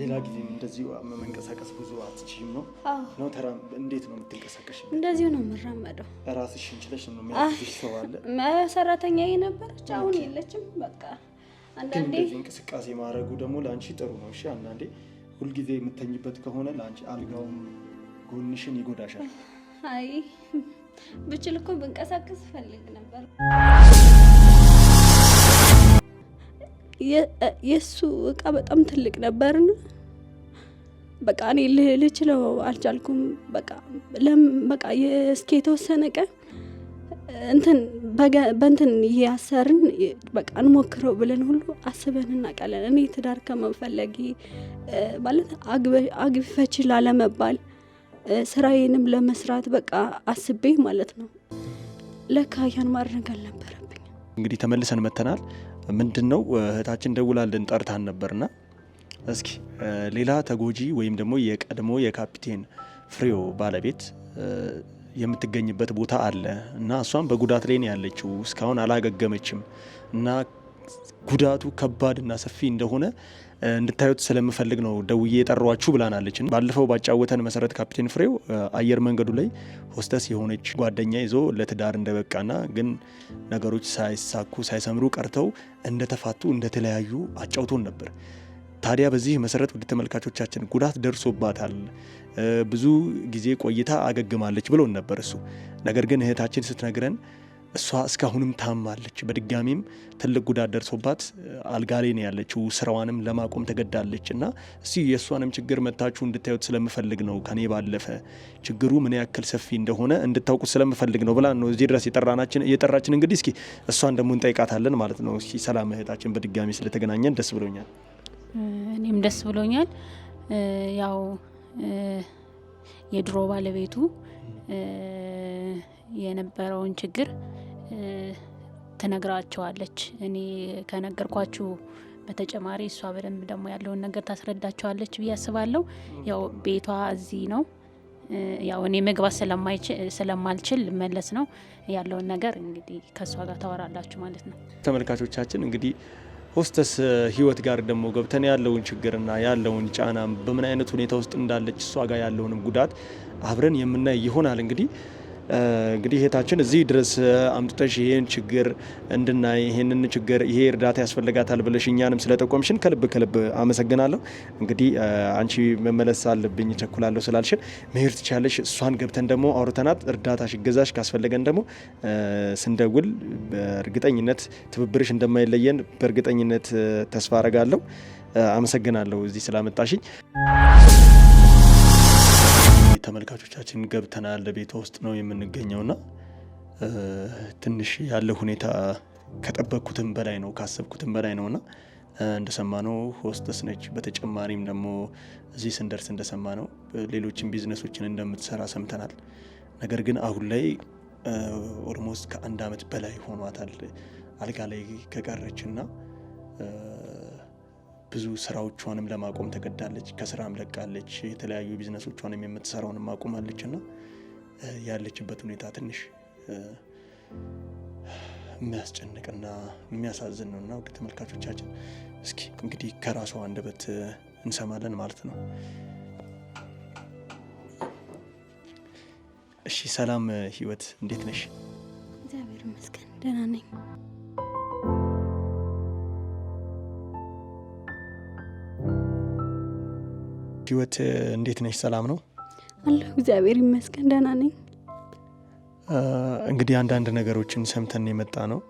ሌላ ጊዜ እንደዚሁ መንቀሳቀስ ብዙ አትችይም ነው ነው? ተራ እንዴት ነው የምትንቀሳቀሽ? እንደዚሁ ነው የምራመደው። ራስሽ እንችለሽ ነው የሚያስሽ ሰው አለ። ሰራተኛ የነበረች አሁን የለችም። በቃ አንዳንዴ እንደዚህ እንቅስቃሴ ማድረጉ ደግሞ ለአንቺ ጥሩ ነው። እሺ፣ አንዳንዴ ሁልጊዜ የምተኝበት ከሆነ ለአንቺ አልጋውም ጎንሽን ይጎዳሻል። አይ ብችል እኮ ብንቀሳቀስ ፈልግ ነበር። የእሱ እቃ በጣም ትልቅ ነበርን። በቃ እኔ ልችለው አልቻልኩም። በቃ በቃ እስኪ የተወሰነ ቀን እንትን በእንትን እያሰርን በቃ እንሞክረው ብለን ሁሉ አስበን እናውቃለን። እኔ ትዳር ከመፈለጊ ማለት አግቢፈች ላለመባል ስራዬንም ለመስራት በቃ አስቤ ማለት ነው። ለካ ያን ማድረግ አልነበረብኝ። እንግዲህ ተመልሰን መተናል። ምንድን ነው እህታችን ደውላልን ጠርታን ነበርና እስኪ ሌላ ተጎጂ ወይም ደግሞ የቀድሞ የካፒቴን ፍሬው ባለቤት የምትገኝበት ቦታ አለ እና እሷም በጉዳት ላይ ነው ያለችው፣ እስካሁን አላገገመችም እና ጉዳቱ ከባድና ሰፊ እንደሆነ እንድታዩት ስለምፈልግ ነው ደውዬ የጠሯችሁ ብላናለች። ባለፈው ባጫወተን መሰረት ካፕቴን ፍሬው አየር መንገዱ ላይ ሆስተስ የሆነች ጓደኛ ይዞ ለትዳር እንደበቃና ግን ነገሮች ሳይሳኩ ሳይሰምሩ ቀርተው እንደተፋቱ እንደተለያዩ አጫውቶን ነበር። ታዲያ በዚህ መሰረት ወደ ተመልካቾቻችን ጉዳት ደርሶባታል፣ ብዙ ጊዜ ቆይታ አገግማለች ብሎን ነበር እሱ ነገር ግን እህታችን ስትነግረን እሷ እስካሁንም ታማለች። በድጋሚም ትልቅ ጉዳት ደርሶባት አልጋ ላይ ነው ያለችው። ስራዋንም ለማቆም ተገዳለች እና እስኪ የእሷንም ችግር መታችሁ እንድታዩት ስለምፈልግ ነው፣ ከኔ ባለፈ ችግሩ ምን ያክል ሰፊ እንደሆነ እንድታውቁት ስለምፈልግ ነው ብላ ነው እዚህ ድረስ የጠራችን። እንግዲህ እስኪ እሷን ደግሞ እንጠይቃታለን ማለት ነው። እስኪ ሰላም እህታችን፣ በድጋሚ ስለተገናኘን ደስ ብሎኛል። እኔም ደስ ብሎኛል። ያው የድሮ ባለቤቱ የነበረውን ችግር ትነግራቸዋለች። እኔ ከነገርኳችሁ በተጨማሪ እሷ በደንብ ደግሞ ያለውን ነገር ታስረዳቸዋለች ብዬ አስባለሁ። ያው ቤቷ እዚህ ነው። ያው እኔ መግባት ስለማልችል መለስ ነው ያለውን ነገር እንግዲህ ከእሷ ጋር ታወራላችሁ ማለት ነው። ተመልካቾቻችን እንግዲህ ሆስተስ ህይወት ጋር ደግሞ ገብተን ያለውን ችግርና ያለውን ጫና በምን አይነት ሁኔታ ውስጥ እንዳለች እሷ ጋር ያለውንም ጉዳት አብረን የምናይ ይሆናል እንግዲህ እንግዲህ እህታችን እዚህ ድረስ አምጥተሽ ይሄን ችግር እንድናይ ይሄንን ችግር ይሄ እርዳታ ያስፈልጋታል ብለሽ እኛንም ስለጠቆምሽን ከልብ ከልብ አመሰግናለሁ። እንግዲህ አንቺ መመለስ አለብኝ ቸኩላለሁ ስላልሽን መሄድ ትቻለሽ። እሷን ገብተን ደግሞ አውርተናት እርዳታሽ እገዛሽ ካስፈለገን ደግሞ ስንደውል በእርግጠኝነት ትብብርሽ እንደማይለየን በእርግጠኝነት ተስፋ አረጋለሁ። አመሰግናለሁ እዚህ ስላመጣሽኝ። ተመልካቾቻችን ገብተናል። ቤቷ ውስጥ ነው የምንገኘውና ትንሽ ያለ ሁኔታ ከጠበቅኩትም በላይ ነው ካሰብኩትም በላይ ነውና ነው ሆስተስ ነች። በተጨማሪም ደግሞ እዚህ ስንደርስ ነው። ሌሎችን ቢዝነሶችን እንደምትሰራ ሰምተናል። ነገር ግን አሁን ላይ ኦልሞስት ከአንድ ዓመት በላይ ሆኗታል አልጋ ላይ ከቀረች እና ብዙ ስራዎቿንም ለማቆም ተገዳለች። ከስራም ለቃለች። የተለያዩ ቢዝነሶቿንም የምትሰራውንም አቁማለች እና ያለችበት ሁኔታ ትንሽ የሚያስጨንቅና የሚያሳዝን ነው እና ውድ ተመልካቾቻችን እስኪ እንግዲህ ከራሷ አንደበት እንሰማለን ማለት ነው። እሺ ሰላም ህይወት፣ እንዴት ነሽ? እግዚአብሔር ይመስገን ደህና ነኝ። ህይወት እንዴት ነች ሰላም ነው አለሁ። እግዚአብሔር ይመስገን ደህና ነኝ። እንግዲህ አንዳንድ ነገሮችን ሰምተን የመጣ ነው።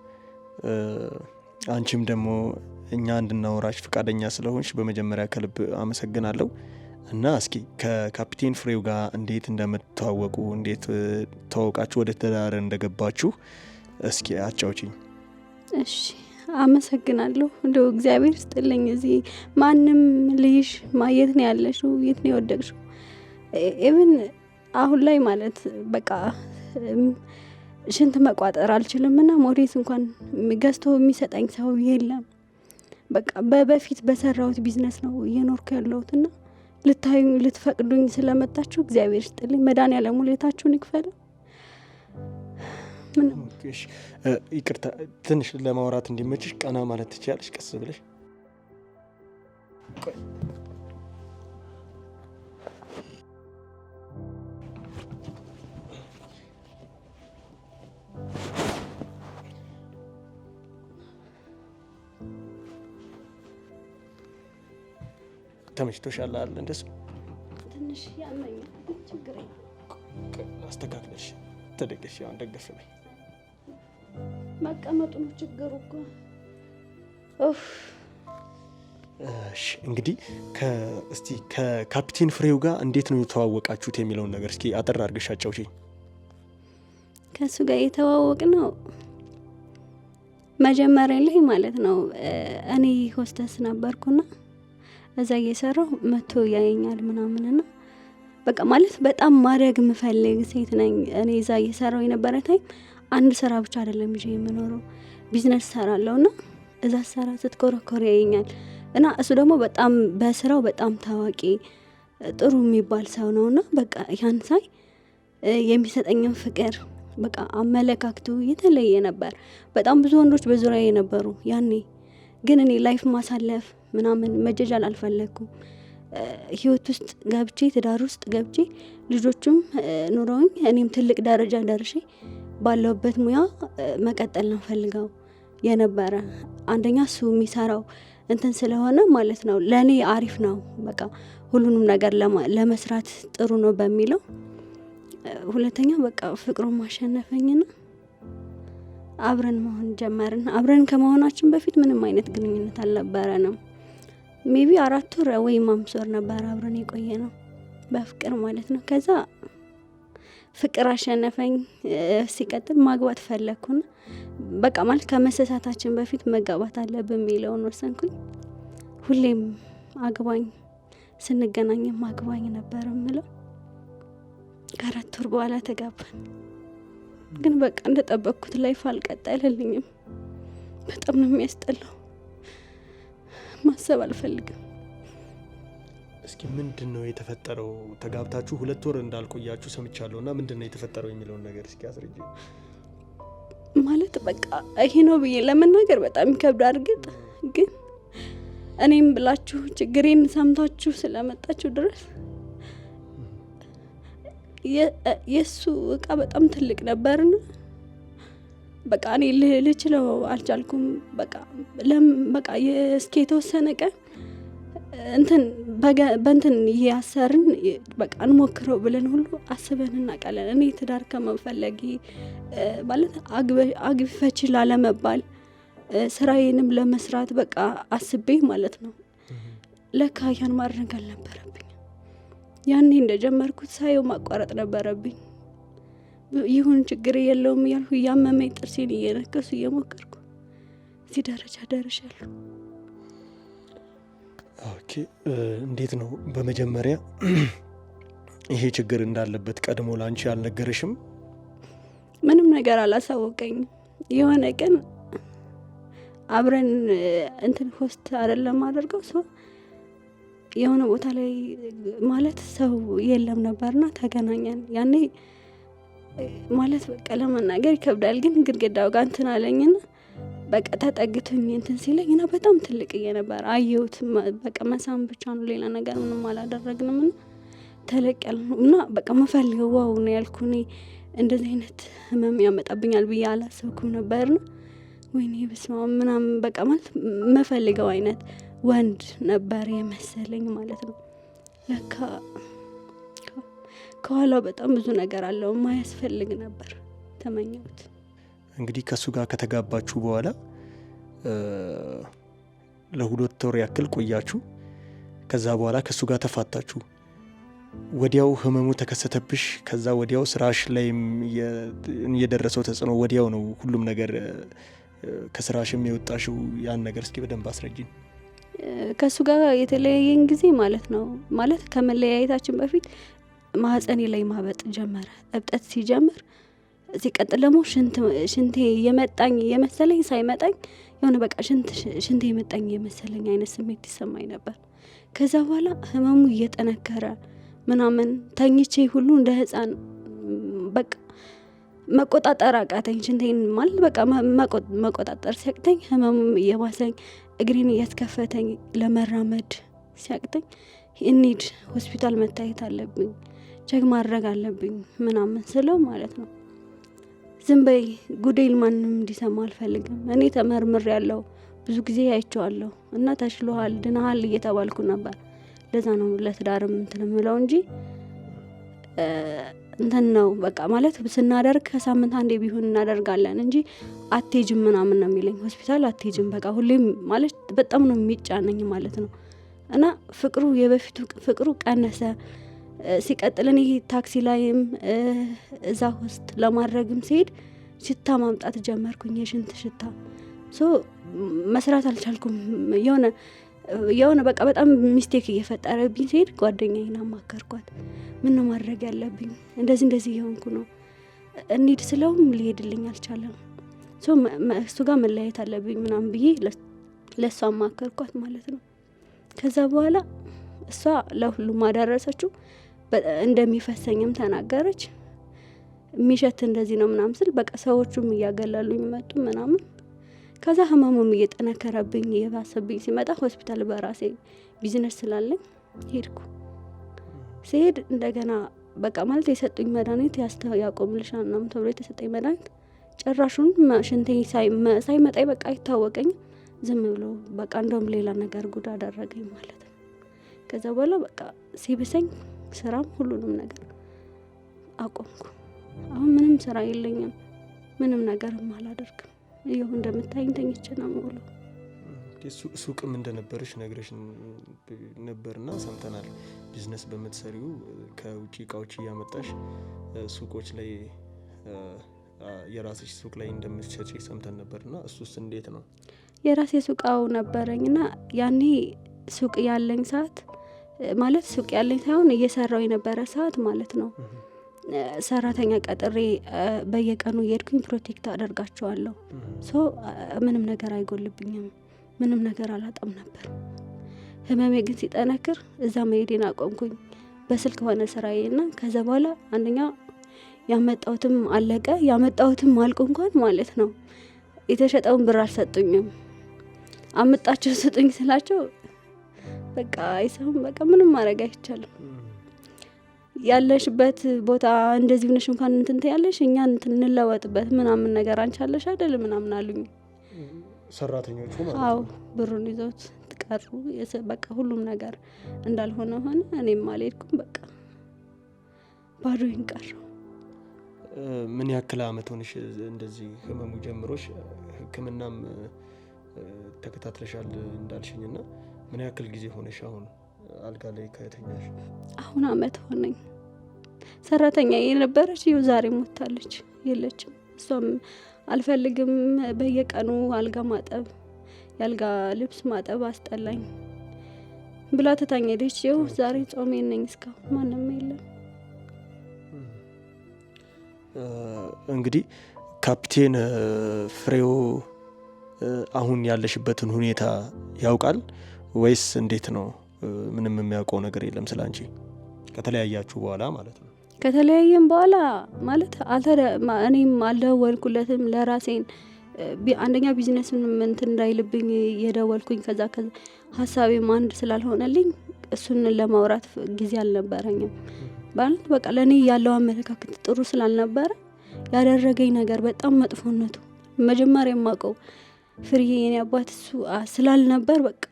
አንቺም ደግሞ እኛ እንድናወራሽ ፈቃደኛ ስለሆንሽ በመጀመሪያ ከልብ አመሰግናለሁ። እና እስኪ ከካፒቴን ፍሬው ጋር እንዴት እንደምትተዋወቁ እንዴት ተዋወቃችሁ፣ ወደ ተዳረ እንደገባችሁ እስኪ አጫውችኝ። እሺ አመሰግናለሁ። እንደው እግዚአብሔር ስጥልኝ። እዚህ ማንም ልይሽ ማየት ነው ያለሽው፣ የት ነው የወደቅሽው? ኢቭን አሁን ላይ ማለት በቃ ሽንት መቋጠር አልችልም እና ሞዴስ እንኳን ገዝቶ የሚሰጠኝ ሰው የለም። በቃ በፊት በሰራሁት ቢዝነስ ነው እየኖርኩ ያለሁት እና ልታዩኝ ልትፈቅዱኝ ስለመጣችሁ እግዚአብሔር ስጥልኝ። መዳን ውለታችሁን ይክፈል። ይቅርታ፣ ትንሽ ለማውራት እንዲመችሽ ቀና ማለት ትችላለሽ፣ ቀስ ብለሽ ተመችቶሻል እንደሱ ትንሽ ያመኛል። ችግር አስተካክለሽ ተደገሽ። አሁን ደገፍ መቀመጡ ነው ችግሩ እኮ። እሺ እንግዲህ እስቲ ከካፒቴን ፍሬው ጋር እንዴት ነው የተዋወቃችሁት የሚለውን ነገር እስኪ አጠር አድርገሽ አጫውቺ። ከእሱ ጋር የተዋወቅ ነው መጀመሪያ ላይ ማለት ነው። እኔ ሆስተስ ነበርኩና እዛ እየሰራው መቶ ያየኛል ምናምንና በቃ ማለት በጣም ማድረግ የምፈልግ ሴት ነኝ። እኔ እዛ እየሰራው የነበረ ታይም አንድ ስራ ብቻ አይደለም ይዤ የምኖረው ቢዝነስ ሰራለው እና እዛ ሰራ ስትኮረኮር ያየኛል እና እሱ ደግሞ በጣም በስራው በጣም ታዋቂ ጥሩ የሚባል ሰው ነው እና በቃ ያን ሳይ የሚሰጠኝም ፍቅር በቃ አመለካክቱ የተለየ ነበር። በጣም ብዙ ወንዶች በዙሪያ የነበሩ ያኔ ግን እኔ ላይፍ ማሳለፍ ምናምን መጀጃል አልፈለግኩም። ህይወት ውስጥ ገብቼ ትዳር ውስጥ ገብቼ ልጆቹም ኑረውኝ እኔም ትልቅ ደረጃ ደርሼ ባለውበት ሙያ መቀጠል ነው ፈልገው የነበረ አንደኛ እሱ የሚሰራው እንትን ስለሆነ ማለት ነው ለእኔ አሪፍ ነው፣ በቃ ሁሉንም ነገር ለመስራት ጥሩ ነው በሚለው ሁለተኛ በቃ ፍቅሩን ማሸነፈኝና አብረን መሆን ጀመርን። አብረን ከመሆናችን በፊት ምንም አይነት ግንኙነት አልነበረንም። ሜቢ አራት ወር ወይም አምስት ወር ነበር አብረን የቆየ ነው በፍቅር ማለት ነው ከዛ ፍቅር አሸነፈኝ። ሲቀጥል ማግባት ፈለግኩና በቃ ማለት ከመሰሳታችን በፊት መጋባት አለብን የሚለውን ወሰንኩኝ። ሁሌም አግባኝ ስንገናኝም አግባኝ ነበር የምለው። ከአራት ወር በኋላ ተጋባን። ግን በቃ እንደጠበቅኩት ላይፍ አልቀጠለልኝም። በጣም ነው የሚያስጠላው። ማሰብ አልፈልግም። እስኪ ምንድን ነው የተፈጠረው? ተጋብታችሁ ሁለት ወር እንዳልቆያችሁ ሰምቻለሁ እና ምንድን ነው የተፈጠረው የሚለውን ነገር እስኪ አስረጅ። ማለት በቃ ይሄ ነው ብዬ ለመናገር በጣም ይከብዳል። እርግጥ ግን እኔም ብላችሁ ችግሬን ሰምታችሁ ስለመጣችሁ ድረስ የእሱ እቃ በጣም ትልቅ ነበርና በቃ እኔ ልችለው አልቻልኩም። በቃ ለም በቃ እስኪ የተወሰነ ቀን እንትን በእንትን አሰርን በቃ እንሞክረው ብለን ሁሉ አስበን እናውቃለን። እኔ ትዳር ከመፈለጊ ማለት አግፈች ላለመባል ስራዬንም ለመስራት በቃ አስቤ ማለት ነው። ለካ ያን ማድረግ አልነበረብኝ። ያኔ እንደጀመርኩት ሳየው ማቋረጥ ነበረብኝ። ይሁን ችግር የለውም እያልኩ እያመመኝ ጥርሴን እየነከሱ እየሞከርኩ እዚህ ደረጃ ደርሻለሁ። ኦኬ እንዴት ነው? በመጀመሪያ ይሄ ችግር እንዳለበት ቀድሞ ላንቺ አልነገረሽም? ምንም ነገር አላሳወቀኝም። የሆነ ቀን አብረን እንትን ሆስት አይደለም አደርገው ሰው የሆነ ቦታ ላይ ማለት ሰው የለም ነበርና ተገናኘን። ያኔ ማለት በቃ ለመናገር ይከብዳል፣ ግን ግድግዳው ጋር እንትን አለኝና በቃ ተጠግቶኝ እንትን ሲለኝ እና በጣም ትልቅዬ ነበር አየሁት። በቃ መሳም ብቻ ነው፣ ሌላ ነገር ምንም አላደረግንም። እና ተለቅ ያለ ነው እና በቃ መፈልገው ዋው ነው ያልኩ። እኔ እንደዚህ አይነት ህመም ያመጣብኛል ብዬ አላሰብኩም ነበር። ነው ወይኔ በስመ አብ ምናምን በቃ ማለት መፈልገው አይነት ወንድ ነበር የመሰለኝ ማለት ነው። ለካ ከኋላው በጣም ብዙ ነገር አለው ማያስፈልግ ነበር ተመኘሁት። እንግዲህ ከእሱ ጋር ከተጋባችሁ በኋላ ለሁለት ወር ያክል ቆያችሁ። ከዛ በኋላ ከእሱ ጋር ተፋታችሁ። ወዲያው ህመሙ ተከሰተብሽ። ከዛ ወዲያው ስራሽ ላይም የደረሰው ተጽዕኖ ወዲያው ነው ሁሉም ነገር ከስራሽም የወጣሽው ያን ነገር እስኪ በደንብ አስረጅኝ። ከእሱ ጋር የተለያየን ጊዜ ማለት ነው ማለት ከመለያየታችን በፊት ማህፀኔ ላይ ማበጥ ጀመረ። እብጠት ሲጀምር ሲቀጥል ደግሞ ሽንቴ የመጣኝ የመሰለኝ ሳይመጣኝ የሆነ በቃ ሽንቴ የመጣኝ የመሰለኝ አይነት ስሜት ይሰማኝ ነበር። ከዛ በኋላ ህመሙ እየጠነከረ ምናምን ተኝቼ ሁሉ እንደ ህፃን በቃ መቆጣጠር አቃተኝ። ሽንቴን ማለት በቃ መቆጣጠር ሲያቅተኝ ህመሙ እየባሰኝ እግሬን እያስከፈተኝ ለመራመድ ሲያቅተኝ እንሂድ ሆስፒታል መታየት አለብኝ፣ ቼክ ማድረግ አለብኝ ምናምን ስለው ማለት ነው ዝም በይ ጉዴል ማንም እንዲሰማ አልፈልግም። እኔ ተመርምር ያለው ብዙ ጊዜ አይቸዋለሁ እና ተሽሎሃል፣ ድናሃል እየተባልኩ ነበር። ለዛ ነው ለትዳርም እንትን ምለው እንጂ እንትን ነው በቃ ማለት ስናደርግ ከሳምንት አንዴ ቢሆን እናደርጋለን እንጂ አቴጅም ምናምን ነው የሚለኝ። ሆስፒታል አቴጅም በቃ ሁሌም ማለት በጣም ነው የሚጫነኝ ማለት ነው። እና ፍቅሩ የበፊቱ ፍቅሩ ቀነሰ። ሲቀጥል እኔ ታክሲ ላይም እዛ ውስጥ ለማድረግም ሲሄድ ሽታ ማምጣት ጀመርኩኝ። የሽንት ሽታ ሶ መስራት አልቻልኩም። የሆነ የሆነ በቃ በጣም ሚስቴክ እየፈጠረብኝ ሲሄድ ጓደኛዬን አማከርኳት። ምን ነው ማድረግ ያለብኝ? እንደዚህ እንደዚህ የሆንኩ ነው እንሂድ ስለውም ሊሄድልኝ አልቻለም። ሶ እሱ ጋር መለያየት አለብኝ ምናም ብዬ ለእሷ አማከርኳት ማለት ነው። ከዛ በኋላ እሷ ለሁሉም አዳረሰችው። እንደሚፈሰኝም ተናገረች። የሚሸት እንደዚህ ነው ምናምን ስል በቃ ሰዎቹም እያገላሉኝ መጡ ምናምን። ከዛ ህመሙም እየጠነከረብኝ እየባሰብኝ ሲመጣ ሆስፒታል በራሴ ቢዝነስ ስላለኝ ሄድኩ። ሲሄድ እንደገና በቃ ማለት የሰጡኝ መድኃኒት ያቆምልሻ ምናምን ተብሎ የተሰጠኝ መድኃኒት ጭራሹን ሽንቴ ሳይመጣኝ በቃ አይታወቀኝ ዝም ብሎ በቃ እንደውም ሌላ ነገር ጉድ አደረገኝ ማለት ነው። ከዛ በኋላ በቃ ሲብሰኝ ስራም ሁሉንም ነገር አቆምኩ። አሁን ምንም ስራ የለኝም፣ ምንም ነገርም አላደርግም። ይኸው እንደምታይኝ ተኝቼ ነው የምውለው። ሱቅም እንደነበረሽ ነግረሽ ነበርና ሰምተናል። ቢዝነስ በምትሰሪው ከውጭ እቃዎች እያመጣሽ ሱቆች ላይ የራስሽ ሱቅ ላይ እንደምትሸጪ ሰምተን ነበርና እሱስ እንዴት ነው? የራሴ ሱቃው ነበረኝና ያኔ ሱቅ ያለኝ ሰዓት ማለት ሱቅ ያለኝ ሳይሆን እየሰራው የነበረ ሰዓት ማለት ነው። ሰራተኛ ቀጥሬ በየቀኑ እየሄድኩኝ ፕሮቴክት አደርጋቸዋለሁ። ሶ ምንም ነገር አይጎልብኝም፣ ምንም ነገር አላጣም ነበር። ህመሜ ግን ሲጠነክር እዛ መሄዴን አቆምኩኝ። በስልክ ሆነ ስራዬ እና ከዛ በኋላ አንደኛ ያመጣሁትም አለቀ፣ ያመጣሁትም አልቁ እንኳን ማለት ነው። የተሸጠውን ብር አልሰጡኝም። አመጣቸው ስጡኝ ስላቸው በቃ አይሰሙም። በቃ ምንም ማድረግ አይቻልም። ያለሽበት ቦታ እንደዚህ ብነሽ እንኳን እንትን ትያለሽ፣ እኛ እንትን እንለወጥበት ምናምን ነገር አንቻለሽ አይደል ምናምን አሉኝ ሰራተኞቹ። አዎ ብሩን ይዘውት ትቀሩ በቃ ሁሉም ነገር እንዳልሆነ ሆነ። እኔም አልሄድኩም። በቃ ባዶ ቀረሁ። ምን ያክል አመት ሆንሽ እንደዚህ ህመሙ ጀምሮሽ? ህክምናም ተከታትለሻል እንዳልሽኝ ና ምን ያክል ጊዜ ሆነሽ አሁን አልጋ ላይ ከተኛሽ? አሁን አመት ሆነኝ። ሰራተኛ የነበረች ይኸው ዛሬ ሞታለች፣ የለችም። እሷም አልፈልግም። በየቀኑ አልጋ ማጠብ፣ የአልጋ ልብስ ማጠብ አስጠላኝ ብላ ትታኝ ሄደች። ይኸው ዛሬ ጾሜ ነኝ፣ እስካሁን ማንም የለም። እንግዲህ ካፕቴን ፍሬው አሁን ያለሽበትን ሁኔታ ያውቃል። ወይስ እንዴት ነው? ምንም የሚያውቀው ነገር የለም ስለ አንቺ ከተለያያችሁ በኋላ ማለት ነው። ከተለያየም በኋላ ማለት እኔም አልደወልኩለትም ለራሴን አንደኛ ቢዝነስ እንትን እንዳይልብኝ የደወልኩኝ ከዛ ከ ሀሳቤም አንድ ስላልሆነልኝ እሱን ለማውራት ጊዜ አልነበረኝም። ማለት በቃ ለእኔ ያለው አመለካከት ጥሩ ስላልነበረ ያደረገኝ ነገር በጣም መጥፎነቱ መጀመሪያ የማውቀው ፍርዬ የኔ አባት እሱ ስላልነበር በቃ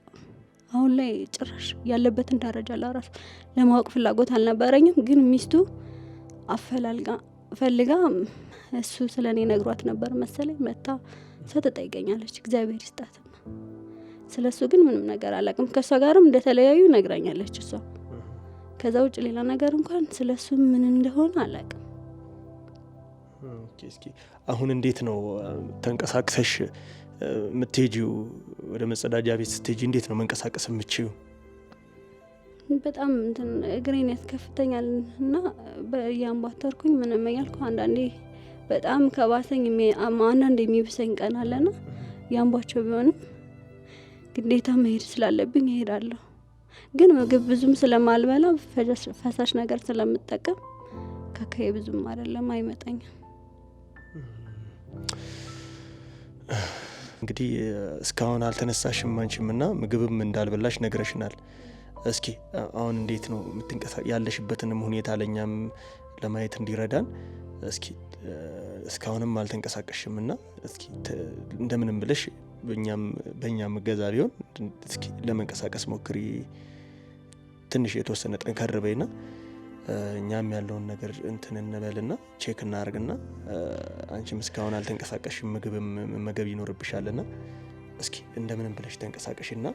አሁን ላይ ጭራሽ ያለበትን ደረጃ ለራሱ ለማወቅ ፍላጎት አልነበረኝም። ግን ሚስቱ አፈላልጋ ፈልጋ እሱ ስለ እኔ ነግሯት ነበር መሰለኝ። መታ ስትጠይቀኛለች እግዚአብሔር ይስጣት። ስለ እሱ ግን ምንም ነገር አላውቅም። ከእሷ ጋርም እንደተለያዩ ነግራኛለች እሷ። ከዛ ውጭ ሌላ ነገር እንኳን ስለ እሱ ምን እንደሆነ አላውቅም። እስኪ አሁን እንዴት ነው ተንቀሳቅሰሽ የምትሄጂው? ወደ መጸዳጃ ቤት ስትሄጂ እንዴት ነው መንቀሳቀስ የምችው? በጣም እንትን እግሬን ያስከፍተኛል እና በያንባተርኩኝ ምንም እያልኩ አንዳንዴ በጣም ከባሰኝ አንዳንድ የሚብሰኝ ቀን አለና ያንቧቸው ቢሆንም ግዴታ መሄድ ስላለብኝ እሄዳለሁ። ግን ምግብ ብዙም ስለማልበላ ፈሳሽ ነገር ስለምጠቀም ከካዬ ብዙም አይደለም አይመጣኝም። እንግዲህ እስካሁን አልተነሳሽም አንቺም እና ምግብም እንዳልበላሽ ነግረሽናል። እስኪ አሁን እንዴት ነው የምትንቀሳ ያለሽበትንም ሁኔታ ለእኛም ለማየት እንዲረዳን እስኪ እስካሁንም አልተንቀሳቀሽም እና እስኪ እንደምንም ብለሽ በእኛም እገዛ ቢሆን እስኪ ለመንቀሳቀስ ሞክሪ። ትንሽ የተወሰነ ጠንከር በይና እኛም ያለውን ነገር እንትን እንበልና ቼክ እናደርግና አንቺም እስካሁን አልተንቀሳቀሽም ምግብም መመገብ ይኖርብሻልና እስኪ እንደምንም ብለሽ ተንቀሳቀሽና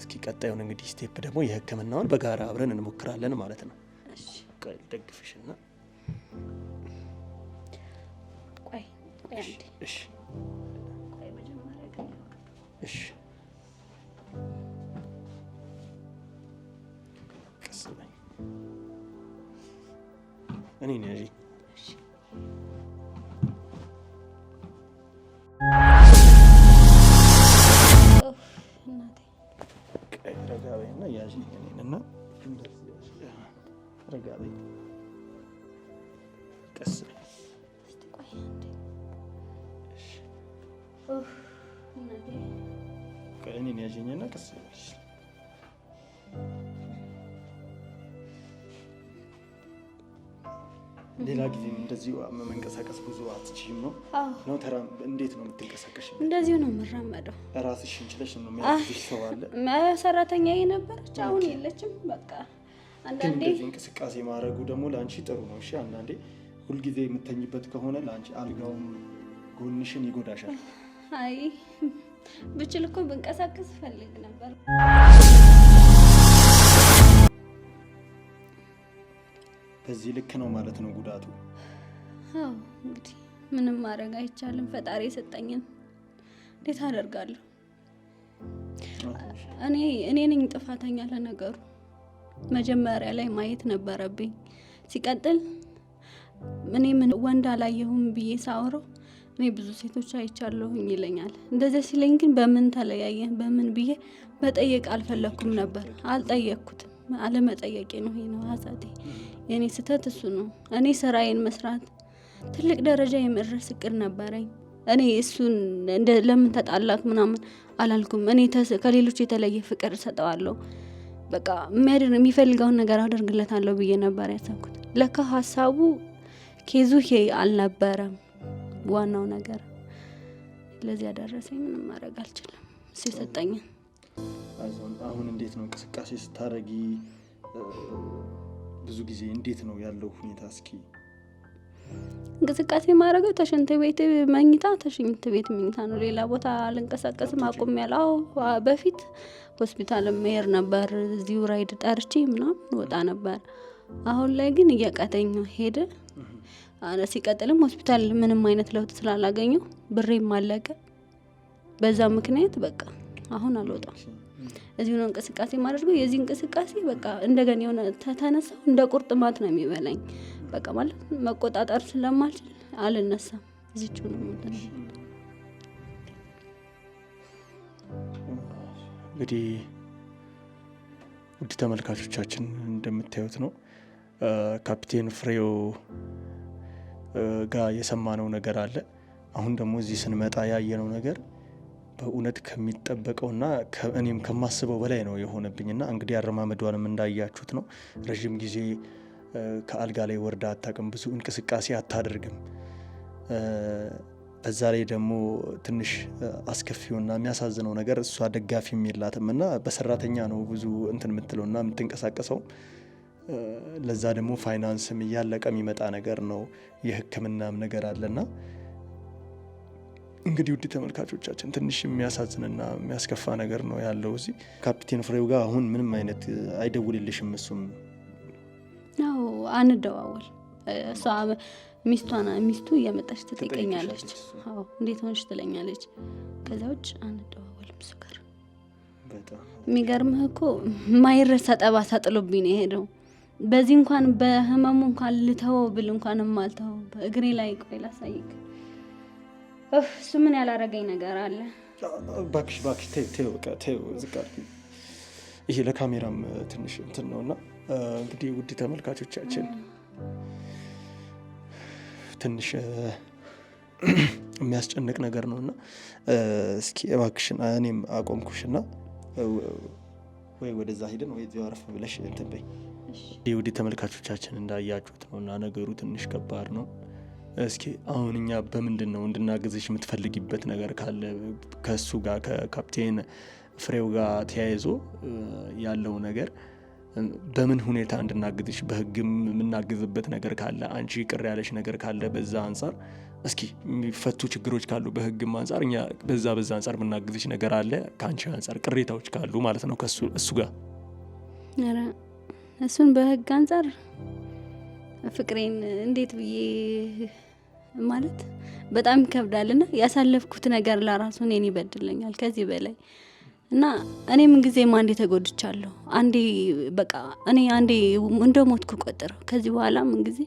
እስኪ ቀጣዩን እንግዲህ ስቴፕ ደግሞ የህክምናውን በጋራ አብረን እንሞክራለን ማለት ነው። ደግፍሽና ቆይ እኔ ነኝ። እሺ ቀይ ረጋ በይና ያዥ እኔን እና ረጋ በይ ሌላ ጊዜ እንደዚህ መንቀሳቀስ ብዙ አትችይም ነው ነው? ተራ እንዴት ነው የምትንቀሳቀሽ? እንደዚሁ ነው የምራመደው። ራስሽ እንችለሽ ነው የሚያስሽ ሰው አለ። ሰራተኛ ነበረች፣ አሁን የለችም። በቃ አንዳንዴ እንደዚህ እንቅስቃሴ ማድረጉ ደግሞ ለአንቺ ጥሩ ነው። እሺ፣ አንዳንዴ ሁልጊዜ የምተኝበት ከሆነ ለአንቺ አልጋውም ጎንሽን ይጎዳሻል። አይ ብችል እኮ ብንቀሳቀስ ፈልግ ነበር። በዚህ ልክ ነው ማለት ነው ጉዳቱ። አዎ እንግዲህ ምንም ማድረግ አይቻልም። ፈጣሪ የሰጠኝን እንዴት አደርጋለሁ? እኔ እኔ ነኝ ጥፋተኛ ለነገሩ መጀመሪያ ላይ ማየት ነበረብኝ። ሲቀጥል እኔ ምን ወንድ አላየሁም ብዬ ሳውረው እኔ ብዙ ሴቶች አይቻለሁኝ ይለኛል። እንደዚያ ሲለኝ ግን በምን ተለያየን በምን ብዬ መጠየቅ አልፈለግኩም ነበር። አልጠየቅኩትም። አለመጠየቄ ነው ይህ ነው ሀሳቴ። የእኔ ስህተት እሱ ነው። እኔ ስራዬን መስራት ትልቅ ደረጃ የመድረስ እቅድ ነበረኝ። እኔ እሱን ለምን ተጣላክ ምናምን አላልኩም። እኔ ከሌሎች የተለየ ፍቅር እሰጠዋለሁ፣ በቃ የሚፈልገውን ነገር አደርግለታለሁ ብዬ ነበር ያሰብኩት። ለካ ሀሳቡ ኬዙሄ አልነበረም ዋናው ነገር። ለዚህ ያደረሰኝ ምንም ማድረግ አልችልም። እሱ የሰጠኝን። አሁን እንዴት ነው እንቅስቃሴ ስታደርጊ ብዙ ጊዜ እንዴት ነው ያለው ሁኔታ? እስኪ እንቅስቃሴ ማድረገው ተሽንት ቤት መኝታ ተሽንት ቤት መኝታ ነው። ሌላ ቦታ አልንቀሳቀስም አቁም ያለው። በፊት ሆስፒታል መሄድ ነበር፣ እዚሁ ራይድ ጠርቼ ምናምን ወጣ ነበር። አሁን ላይ ግን እየቀተኝ ሄደ። ሲቀጥልም ሆስፒታል ምንም አይነት ለውጥ ስላላገኘው ብሬም አለቀ። በዛ ምክንያት በቃ አሁን አልወጣም። እዚሁ ነው እንቅስቃሴ የማደርገው። የዚህ እንቅስቃሴ በቃ እንደገን የሆነ ተነሳው እንደ ቁርጥማት ነው የሚበላኝ። በቃ ማለት መቆጣጠር ስለማልችል አልነሳም። እዚች ነው እንግዲህ ውድ ተመልካቾቻችን እንደምታዩት ነው ካፕቴን ፍሬው ጋር የሰማነው ነገር አለ። አሁን ደግሞ እዚህ ስንመጣ ያየነው ነገር በእውነት ከሚጠበቀውና እኔም ከማስበው በላይ ነው የሆነብኝና እንግዲህ አረማመዷንም እንዳያችሁት ነው። ረዥም ጊዜ ከአልጋ ላይ ወርዳ አታቅም ብዙ እንቅስቃሴ አታደርግም። በዛ ላይ ደግሞ ትንሽ አስከፊውና የሚያሳዝነው ነገር እሷ ደጋፊ የላትም እና በሰራተኛ ነው ብዙ እንትን የምትለውና የምትንቀሳቀሰው። ለዛ ደግሞ ፋይናንስም እያለቀ የሚመጣ ነገር ነው። የህክምናም ነገር አለና እንግዲህ ውድ ተመልካቾቻችን ትንሽ የሚያሳዝንና የሚያስከፋ ነገር ነው ያለው። እዚህ ካፒቴን ፍሬው ጋር አሁን ምንም አይነት አይደውልልሽም? እሱም ው አንደዋወል። እሷ ሚስቷና ሚስቱ እየመጣች ትጠይቀኛለች፣ እንዴት ሆንሽ ትለኛለች። ከዛ ውጭ አንደዋወልም እሱ ጋር። የሚገርምህ እኮ ማይረሳ ጠባሳ ጥሎብኝ ነው የሄደው። በዚህ እንኳን በህመሙ እንኳን ልተወው ብል እንኳን ማልተወው በእግሬ ላይ ቆይ ላሳይክ እሱ ምን ያላረገኝ ነገር አለ? እባክሽ እባክሽ ተይው ተይው፣ ይሄ ለካሜራም ትንሽ እንትን ነውና እንግዲህ ውድ ተመልካቾቻችን ትንሽ የሚያስጨንቅ ነገር እና እስኪ እባክሽን እኔም አቆምኩሽና ወይ ወደዛ ሄደን ወይ እዚያው አረፍ ብለሽ እንትን በይ። ውድ ተመልካቾቻችን እንዳያችሁት ነውና ነገሩ ትንሽ ከባድ ነው። እስኪ አሁን እኛ በምንድን ነው እንድናግዝሽ የምትፈልጊበት ነገር ካለ ከሱ ጋር ከካፕቴን ፍሬው ጋር ተያይዞ ያለው ነገር በምን ሁኔታ እንድናግዝሽ በህግም የምናግዝበት ነገር ካለ አንቺ ቅር ያለሽ ነገር ካለ በዛ አንጻር እስኪ የሚፈቱ ችግሮች ካሉ በህግም አንጻር እኛ በዛ በዛ አንጻር የምናግዝሽ ነገር አለ ከአንቺ አንጻር ቅሬታዎች ካሉ ማለት ነው ከእሱ እሱ ጋር እሱን በህግ አንጻር ፍቅሬን እንዴት ብዬ ማለት በጣም ይከብዳልና ያሳለፍኩት ነገር ለራሱ እኔን ይበድለኛል ከዚህ በላይ እና እኔ ምንጊዜም አንዴ ተጎድቻለሁ። አንዴ በቃ እኔ አንዴ እንደ ሞትኩ ቆጥረው ከዚህ በኋላ ጊዜ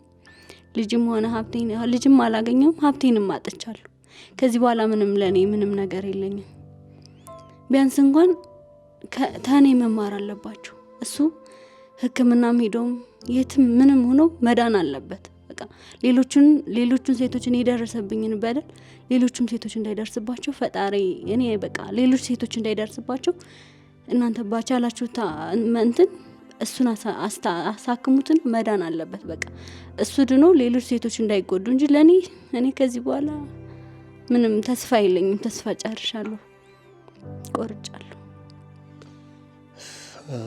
ልጅም ሆነ ሀብቴን ልጅም አላገኘውም ሀብቴንም አጥቻለሁ። ከዚህ በኋላ ምንም ለእኔ ምንም ነገር የለኝም። ቢያንስ እንኳን ተኔ መማር አለባችሁ እሱ ሕክምናም ሄዶም የትም ምንም ሆኖ መዳን አለበት። በቃ ሌሎቹን ሌሎቹን ሴቶችን የደረሰብኝን በደል ሌሎቹም ሴቶች እንዳይደርስባቸው ፈጣሪ እኔ በቃ ሌሎች ሴቶች እንዳይደርስባቸው እናንተ ባቻላችሁ እንትን እሱን አሳክሙትን መዳን አለበት። በቃ እሱ ድኖ ሌሎች ሴቶች እንዳይጎዱ እንጂ ለእኔ እኔ ከዚህ በኋላ ምንም ተስፋ የለኝም። ተስፋ ጨርሻለሁ፣ ቆርጫለሁ።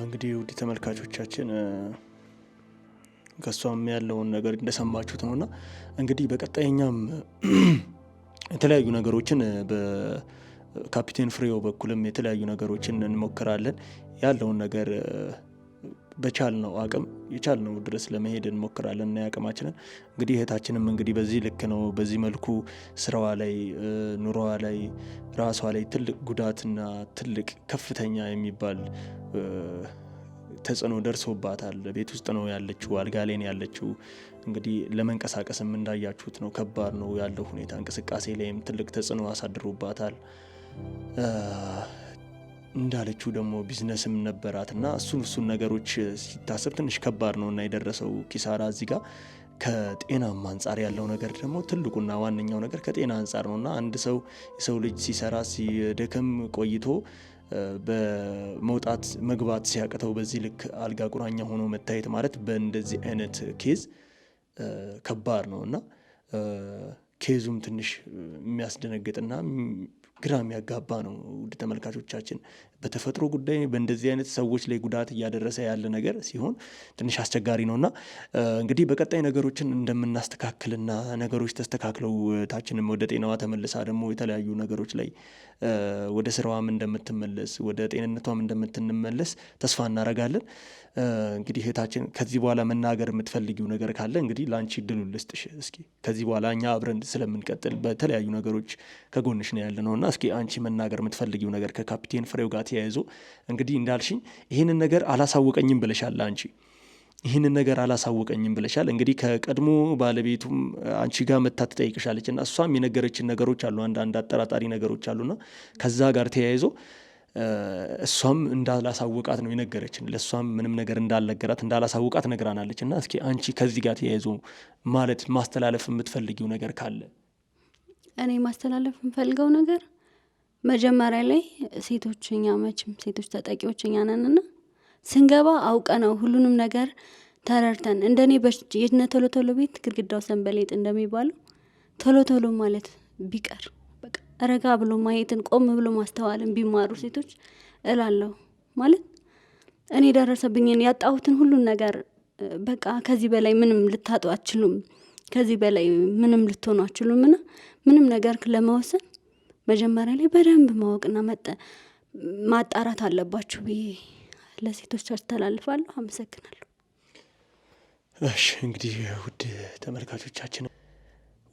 እንግዲህ ውድ ተመልካቾቻችን ከእሷም ያለውን ነገር እንደሰማችሁት ነው እና እንግዲህ በቀጣይኛም የተለያዩ ነገሮችን በካፒቴን ፍሬው በኩልም የተለያዩ ነገሮችን እንሞክራለን ያለውን ነገር በቻልነው አቅም የቻልነው ድረስ ለመሄድ እንሞክራለን እና ያቅማችንን እንግዲህ እህታችንም እንግዲህ በዚህ ልክ ነው በዚህ መልኩ ስራዋ ላይ ኑሮዋ ላይ ራሷ ላይ ትልቅ ጉዳትና ትልቅ ከፍተኛ የሚባል ተጽዕኖ ደርሶባታል። ቤት ውስጥ ነው ያለችው፣ አልጋ ላይ ያለችው። እንግዲህ ለመንቀሳቀስም እንዳያችሁት ነው ከባድ ነው ያለው ሁኔታ። እንቅስቃሴ ላይም ትልቅ ተጽዕኖ አሳድሮባታል። እንዳለችው ደግሞ ቢዝነስም ነበራትና እሱን እሱን ነገሮች ሲታሰብ ትንሽ ከባድ እና የደረሰው ኪሳራ እዚህ ጋር ከጤናም አንጻር ያለው ነገር ደግሞ ትልቁና ዋነኛው ነገር ከጤና አንጻር ነውና አንድ ሰው የሰው ልጅ ሲሰራ ሲደክም ቆይቶ በመውጣት መግባት ሲያቅተው በዚህ ልክ አልጋ ቁራኛ ሆኖ መታየት ማለት በእንደዚህ አይነት ኬዝ ከባድ ነው እና ኬዙም ትንሽ የሚያስደነግጥና ግራ የሚያጋባ ነው። ውድ ተመልካቾቻችን በተፈጥሮ ጉዳይ በእንደዚህ አይነት ሰዎች ላይ ጉዳት እያደረሰ ያለ ነገር ሲሆን ትንሽ አስቸጋሪ ነውና እንግዲህ በቀጣይ ነገሮችን እንደምናስተካክልና ነገሮች ተስተካክለው ታችንም ወደ ጤናዋ ተመልሳ ደግሞ የተለያዩ ነገሮች ላይ ወደ ስራዋም እንደምትመለስ ወደ ጤንነቷም እንደምትንመለስ ተስፋ እናደርጋለን። እንግዲህ እህታችን ከዚህ በኋላ መናገር የምትፈልጊው ነገር ካለ እንግዲህ ለአንቺ እድሉ ልስጥሽ። እስኪ ከዚህ በኋላ እኛ አብረን ስለምንቀጥል በተለያዩ ነገሮች ከጎንሽ ነው ያለ እና እስኪ አንቺ መናገር የምትፈልጊው ነገር ከካፒቴን ፍሬው ጋር ተያይዞ እንግዲህ እንዳልሽኝ ይህንን ነገር አላሳወቀኝም ብለሻል አንቺ ይህንን ነገር አላሳወቀኝም ብለሻል። እንግዲህ ከቀድሞ ባለቤቱም አንቺ ጋር መታ ትጠይቅሻለች እና እሷም የነገረችን ነገሮች አሉ፣ አንዳንድ አጠራጣሪ ነገሮች አሉና ከዛ ጋር ተያይዞ እሷም እንዳላሳወቃት ነው የነገረችን። ለእሷም ምንም ነገር እንዳልነገራት እንዳላሳወቃት ነግራናለች። እና እስኪ አንቺ ከዚህ ጋር ተያይዞ ማለት ማስተላለፍ የምትፈልጊው ነገር ካለ እኔ ማስተላለፍ የምፈልገው ነገር መጀመሪያ ላይ ሴቶች እኛ መቼም ሴቶች ተጠቂዎች እኛ ነንና ስንገባ ነው ሁሉንም ነገር ተረድተን እንደ እኔ የነ ቶሎ ቶሎ ቤት ግድግዳው ሰንበሌጥ እንደሚባለው ቶሎ ቶሎ ማለት ቢቀር በቃ ረጋ ብሎ ማየትን ቆም ብሎ ማስተዋልን ቢማሩ ሴቶች እላለሁ። ማለት እኔ ደረሰብኝን ያጣሁትን ሁሉን ነገር በቃ ከዚህ በላይ ምንም ልታጡ አችሉም፣ ከዚህ በላይ ምንም ልትሆኑ አችሉም እና ምንም ነገር ለመወሰን መጀመሪያ ላይ በደንብ ማወቅና ማጣራት አለባችሁ ብዬ ለሴቶች አስተላልፋለሁ። አመሰግናለሁ። እሺ እንግዲህ ውድ ተመልካቾቻችን፣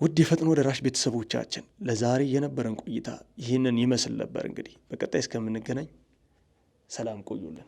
ውድ የፈጥኖ ደራሽ ቤተሰቦቻችን ለዛሬ የነበረን ቆይታ ይህንን ይመስል ነበር። እንግዲህ በቀጣይ እስከምንገናኝ ሰላም ቆዩልን።